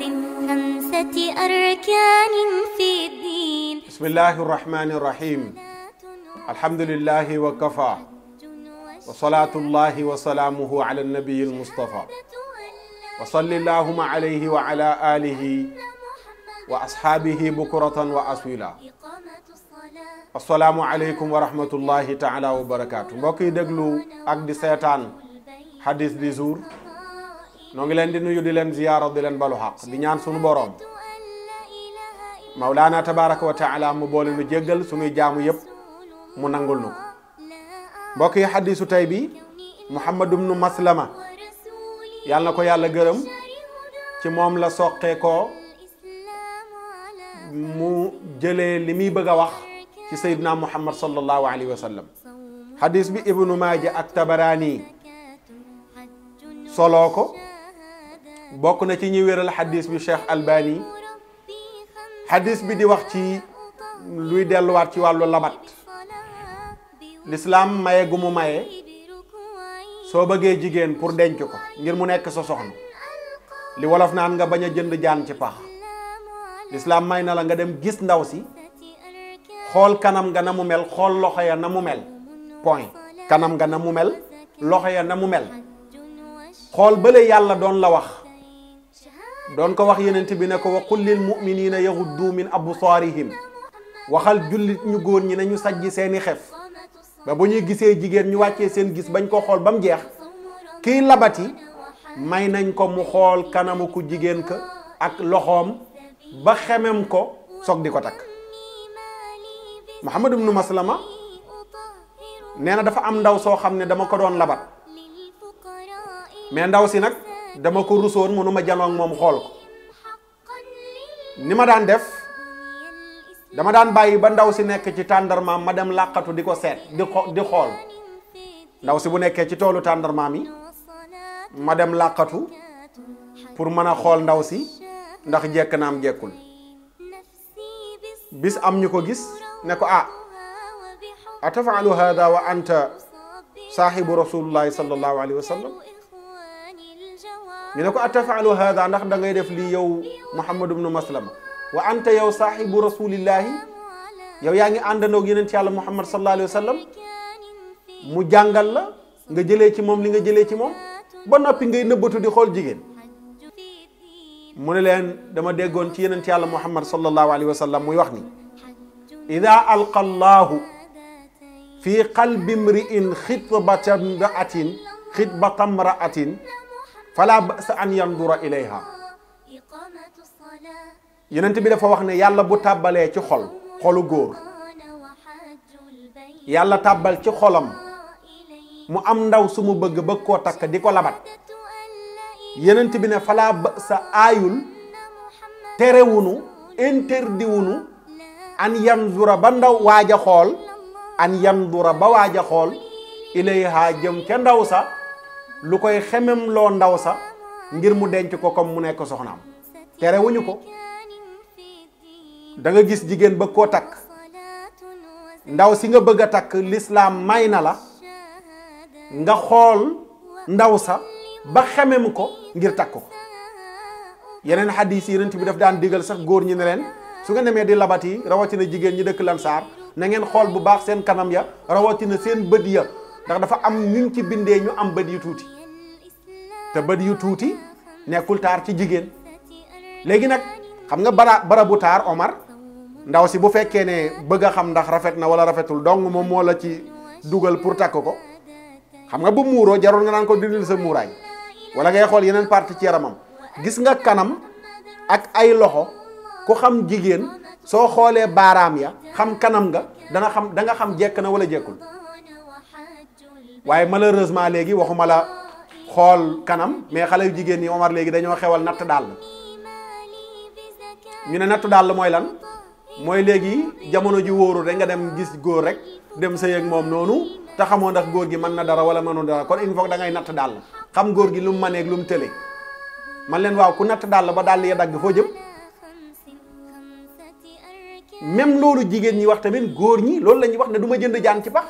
من خمسة أركان في الدين بسم الله الرحمن الرحيم الحمد لله وكفى وصلاة الله وسلامه على النبي المصطفى وصل اللهم عليه وعلى آله وأصحابه بكرة وأسويلا السلام عليكم ورحمة الله تعالى وبركاته مبكي دقلو أكد سيطان حديث دي noo ngi leen di nuyu di leen ziyaara di leen balu xaq di ñaan sunu boroom mawlaana tabaraka wa taala mu boole nu jéggal sunuy jaamu yépp mu nangul nu ko mbokk yi xadisu tey bi muhammadu bnu maslama yàlla na ko yàlla gërëm ci moom la soqee ko mu jële li muy bëgg a wax ci sayyidina muhammad sallallahu alayhi wa sallam xadis bi ibnu maaja ak tabaraani soloo ko bokk na ci ñi wéral hadith bi cheikh albani hadith bi di wax ci luy wat ci walu labat l'islam maye gu mu maye so bëggee jigéen pour denc ko ngir mu nekk sa soxna li wolof naan nga baña jënd jaan ci pax l'islam may na la nga dem gis ndaw si xool kanam nga na mu mel xool loxo ya na mu mel point kanam nga na mu mel loxo ya na mu mel xool bele yàlla doon la wax doon ko wax yenent bi ne ko wa qul a muminina yaxuddu min absaarihim waxal jullit ñu góor ñi nañu sajj seeni xef ba bu ñuy gisee jigéen ñu wàccee seen gis bañ koo xool ba mu jeex kiy yi may nañ ko mu xool kanamu ku jigéen ka ak loxoom ba xemem ko soog di ko takk Muhammad ibnu Maslama nee na dafa am ndaw soo xam ne dama ko doon labat mais ndaw si nag dama ko rusoon mënuma janoog moom xool ko ni ma daan def dama daan bàyyi ba ndaw si nekk ci tàndarmaam ma dem làqatu di ko seet di xool ndaw si bu nekkee ci toolu tàndarmaam yi ma dem làqatu pour mën a xool ndaw si ndax jekk naam jekkul bis am ñu ko gis ne ko ah atafaalu hada wa anta saaxibu rasulullahi sallallahu alayhi wa sallam ñu ne ko atafalu hada ndax da ngay def li yow muhammad ibn maslama wa anta yow sahibu rasulillahi yow yaa ngi ak yenen ci yàlla muhammad sallallahu alayhi wasallam mu jàngal la nga jele ci mom li nga jele ci mom ba nopi ngay neubatu di xol jigen mu ne len dama degon ci yenen ci yàlla muhammad sallallahu alayhi wasallam muy wax ni ida alqa allahu fi qalbi mriin xitbata mraatin xitbata mraatin fala basa an yandura ilayha yenent bi dafa wax ne yàlla bu tàbbalee ci xol xolu góor yàlla tàbbal ci xolam mu am ndaw su mu bëgg bëgg koo takk di ko labat yenent bi ne fala basa aayul terewunu interdiwunu an yandura ba ndaw waaj a xool an yandura ba waaj a xool ilayha jëm ca ndaw sa lu koy xemem loo ndaw sax ngir mu denc ko comme mu nekk soxnaam terewuñu ko danga gis jigéen ba koo takk ndaw si nga bëgg a takk lislaam may na la nga xool ndaw sax ba xemem ko ngir takk ko yeneen xadis yi yonent bi daf daan digal sax góor ñi ne leen su nga demee di labat yi rawatina jigéen ñi dëkk lansaar na ngeen xool bu baax seen kanam ya rawatina seen bët ya ndax dafa am ñun ci bindee ñu am bët yu tuuti te bët yu tuuti nekkul taar ci jigéen léegi nag xam nga bara barabu taar Omar ndaw si bu fekkee ne bëgg a xam ndax rafet na wala rafetul dong moom moo la ci dugal pour takk ko xam nga bu muuroo jarul nga naan ko dindil sa muuraay wala ngay xool yeneen parti ci yaramam gis nga kanam ak ay loxo ku xam jigéen soo xoolee baaraam ya xam kanam nga dana xam danga xam jekk na wala jekkul waaye malheureusement léegi waxuma la xool kanam mais xale yu jigéen ñi Omar léegi dañoo xewal natt dàll ñu ne daal dàll mooy lan mooy léegi jamono ji wóoru rek nga dem gis góor rek dem sa ak moom noonu te xamoo ndax góor gi mën na dara wala mënul dara kon il faut da ngay natt dàll xam góor gi lu mu mëneeg lu mu tële man leen waaw ku natt daal la ba dàll ya dagg foo jëm même loolu jigéen ñi wax tamit góor ñi loolu la ñuy wax ne du ma jënd jaan ci pax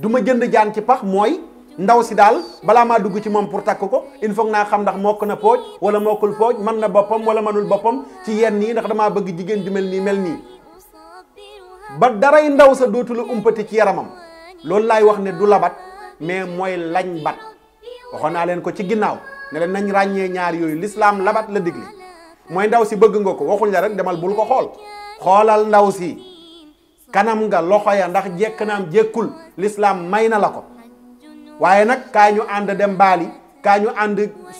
du ma jënd jaan ci pax mooy ndaw si daal balaa maa dugg ci moom pour takk ko il faut naa xam ndax mokk na pooj wala mokkul pooj man na boppam wala mënul boppam ci yenn yi ndax damaa bëgg jigéen ju mel nii mel nii ba daray ndaw sa dootu la umpati ci yaramam loolu laay wax ne du labat mais mooy lañ bat waxoon naa leen ko ci ginnaaw ne leen nañ ràññee ñaar yooyu lislaam labat la digle mooy ndaw si bëgg nga ko waxuñ la rek demal bul ko xool xoolal ndaw si kanam nga loxo ya ndax jek nam jekkul l'islam mayna lako waye nak waaye ñu dem bali kaa ñu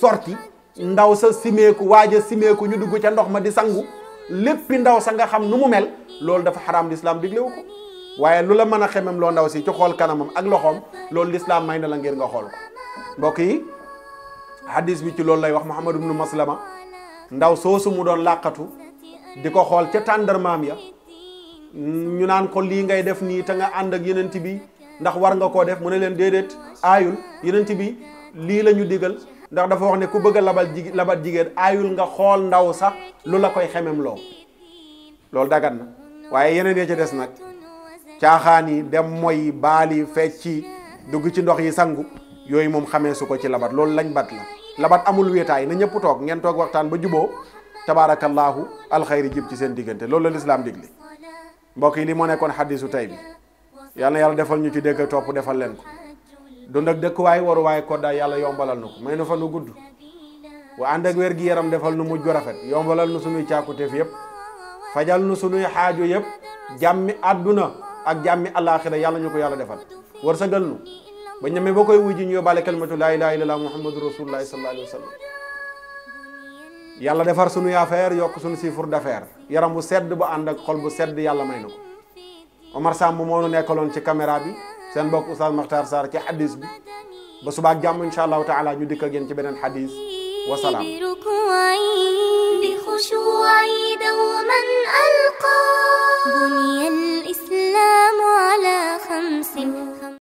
sorti ndaw sa waja simeku simeeku ñu dugg ci ndox ma di sangu lepp ndaw sa nga xam nu mu mel lool dafa haram l'islam diglewu wuko waye lula la xemem lo ndaw si ci xol kanamam ak loxom lool l'islam mayna la ngir nga xol ko yi hadis bi ci lool lay wax muhammad ibn maslama ndaw soosu mu doon laqatu diko xol ci tandarmam ya ñu naan ko lii ngay def nii te nga ànd ak yeneen yenent bi ndax war nga koo def mu ne leen déedéet aayul yenent bi lii lañu diggal ndax dafa wax ne ku bëgg a labal ji labal jigéen aayul nga xool ndaw sax lu la koy xemem loo loolu dagat na waaye yeneen ya ca des nag caaxaan yi dem moy baali fecci dugg ci ndox yi sangu yooyu moom xamee su ko ci labat loolu lañ bat la labat amul wéetaay na ñëpp toog ngeen toog waxtaan ba juboo tabaarakallaahu alxayri jib ci seen diggante loolu la lislaam digle mbokk yi li moo nekkoon xaddisu tey bi yàlla na yàlla defal ñu ci dégg topp defal leen ko dund ak dëkkuwaay waaye koddaay yàlla yombalal nu ko may nu fa nu gudd wa ànd ak wér gi yaram defal nu mujj gu rafet yombalal nu sunuy càkkutéef yëpp fajal nu sunuy xaaju yëpp jàmmi àdduna ak jàmmi alaaxira yàlla ñu ko yàlla defal wërsëgal nu ba ñeme ba koy wujji ñu yóbbaale kalimatu laa ilaaha illallaah muhammadu rasulullaahi sallallaahu alayhi wa sallam yàlla defar suñuy ya affaire yokk sifur chiffre d'affaires yaram bu sedd bu ànd ak xol bu sedd yàlla may na ko Omar Samb moo nu nekkaloon ci caméra bi seen mbokk Oustaz Makhtar sar ci hadis bi ba suba ak jàmm incha allahu taala ñu dikk ak yéen ci beneen hadis wa بخشوعي بني الإسلام على خمس